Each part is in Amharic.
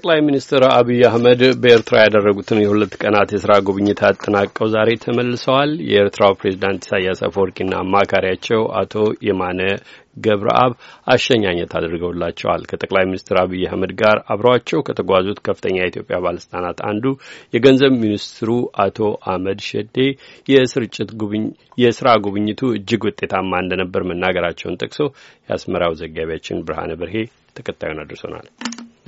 ጠቅላይ ሚኒስትር አብይ አህመድ በኤርትራ ያደረጉትን የሁለት ቀናት የስራ ጉብኝት አጠናቀው ዛሬ ተመልሰዋል። የኤርትራው ፕሬዚዳንት ኢሳያስ አፈወርቂና አማካሪያቸው አቶ የማነ ገብረአብ አሸኛኘት አድርገውላቸዋል። ከጠቅላይ ሚኒስትር አብይ አህመድ ጋር አብረዋቸው ከተጓዙት ከፍተኛ የኢትዮጵያ ባለስልጣናት አንዱ የገንዘብ ሚኒስትሩ አቶ አህመድ ሸዴ የስርጭት ጉብኝ የስራ ጉብኝቱ እጅግ ውጤታማ እንደነበር መናገራቸውን ጠቅሶ የአስመራው ዘጋቢያችን ብርሃነ በርሄ ተከታዩን አድርሶናል።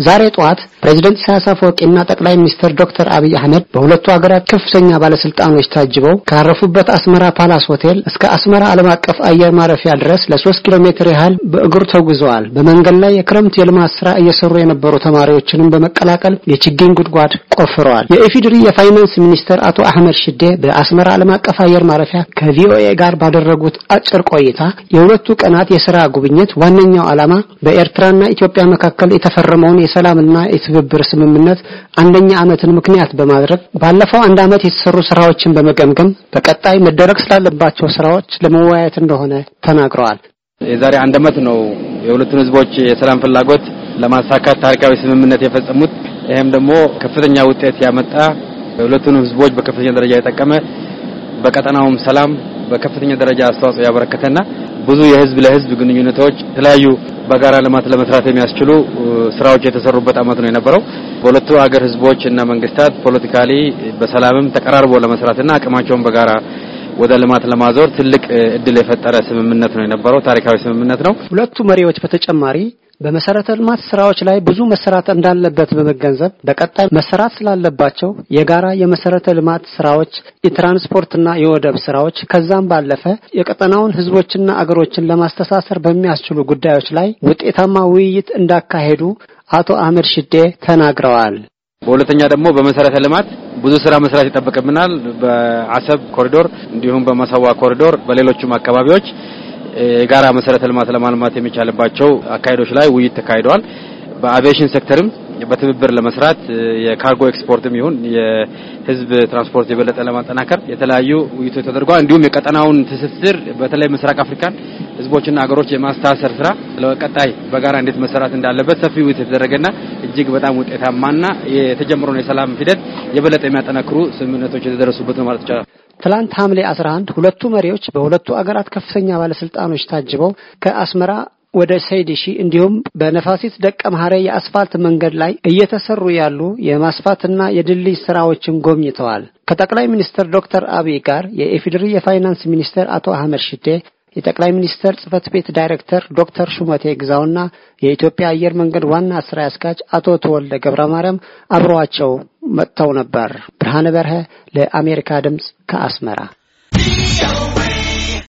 ዛሬ ጠዋት ፕሬዚደንት ኢሳያስ አፈወርቂና ጠቅላይ ሚኒስትር ዶክተር አብይ አህመድ በሁለቱ ሀገራት ከፍተኛ ባለስልጣኖች ታጅበው ካረፉበት አስመራ ፓላስ ሆቴል እስከ አስመራ ዓለም አቀፍ አየር ማረፊያ ድረስ ለሶስት ኪሎ ሜትር ያህል በእግሩ ተጉዘዋል። በመንገድ ላይ የክረምት የልማት ስራ እየሰሩ የነበሩ ተማሪዎችንም በመቀላቀል የችግኝ ጉድጓድ ቆፍረዋል። የኢፌዴሪ የፋይናንስ ሚኒስትር አቶ አህመድ ሽዴ በአስመራ ዓለም አቀፍ አየር ማረፊያ ከቪኦኤ ጋር ባደረጉት አጭር ቆይታ የሁለቱ ቀናት የስራ ጉብኝት ዋነኛው ዓላማ በኤርትራና ኢትዮጵያ መካከል የተፈረመውን የሰላምና የትብብር ስምምነት አንደኛ ዓመትን ምክንያት በማድረግ ባለፈው አንድ ዓመት የተሰሩ ስራዎችን በመገምገም በቀጣይ መደረግ ስላለባቸው ስራዎች ለመወያየት እንደሆነ ተናግረዋል። የዛሬ አንድ ዓመት ነው የሁለቱን ህዝቦች የሰላም ፍላጎት ለማሳካት ታሪካዊ ስምምነት የፈጸሙት። ይህም ደግሞ ከፍተኛ ውጤት ያመጣ የሁለቱን ህዝቦች በከፍተኛ ደረጃ የጠቀመ በቀጠናውም ሰላም በከፍተኛ ደረጃ አስተዋጽኦ ያበረከተና ብዙ የህዝብ ለህዝብ ግንኙነቶች የተለያዩ በጋራ ልማት ለመስራት የሚያስችሉ ስራዎች የተሰሩበት አመት ነው የነበረው። በሁለቱ ሀገር ህዝቦች እና መንግስታት ፖለቲካሊ በሰላምም ተቀራርቦ ለመስራትና አቅማቸውን በጋራ ወደ ልማት ለማዞር ትልቅ እድል የፈጠረ ስምምነት ነው የነበረው። ታሪካዊ ስምምነት ነው። ሁለቱ መሪዎች በተጨማሪ በመሰረተ ልማት ስራዎች ላይ ብዙ መሰራት እንዳለበት በመገንዘብ በቀጣይ መሰራት ስላለባቸው የጋራ የመሰረተ ልማት ስራዎች፣ የትራንስፖርትና የወደብ ስራዎች ከዛም ባለፈ የቀጠናውን ህዝቦችና አገሮችን ለማስተሳሰር በሚያስችሉ ጉዳዮች ላይ ውጤታማ ውይይት እንዳካሄዱ አቶ አህመድ ሽዴ ተናግረዋል። በሁለተኛ ደግሞ በመሰረተ ልማት ብዙ ስራ መስራት ይጠበቅብናል። በአሰብ ኮሪዶር እንዲሁም በመሰዋ ኮሪዶር፣ በሌሎችም አካባቢዎች የጋራ መሰረተ ልማት ለማልማት የሚቻልባቸው አካሄዶች ላይ ውይይት ተካሂደዋል። በአቪዬሽን ሴክተርም በትብብር ለመስራት የካርጎ ኤክስፖርትም ይሁን የህዝብ ትራንስፖርት የበለጠ ለማጠናከር የተለያዩ ውይይቶች ተደርጓል። እንዲሁም የቀጠናውን ትስስር በተለይ ምስራቅ አፍሪካን ህዝቦችና ሀገሮች የማስተሳሰር ስራ ለቀጣይ በጋራ እንዴት መሰራት እንዳለበት ሰፊ ውይይት የተደረገና እጅግ በጣም ውጤታማና የተጀመረውን የሰላም ሂደት የበለጠ የሚያጠናክሩ ስምምነቶች የተደረሱበት ነው ማለት ይቻላል። ትላንት ሐምሌ 11 ሁለቱ መሪዎች በሁለቱ አገራት ከፍተኛ ባለስልጣኖች ታጅበው ከአስመራ ወደ ሰይድሺ እንዲሁም በነፋሲት ደቀ መሐረ የአስፋልት መንገድ ላይ እየተሰሩ ያሉ የማስፋትና የድልድይ ስራዎችን ጎብኝተዋል። ከጠቅላይ ሚኒስትር ዶክተር አብይ ጋር የኢፌዴሪ የፋይናንስ ሚኒስትር አቶ አህመድ ሽዴ፣ የጠቅላይ ሚኒስትር ጽህፈት ቤት ዳይሬክተር ዶክተር ሹመቴ ግዛውና የኢትዮጵያ አየር መንገድ ዋና ስራ አስኪያጅ አቶ ተወልደ ገብረ ማርያም አብረዋቸው መጥተው ነበር። ብርሃነ በርሀ ለአሜሪካ ድምፅ ከአስመራ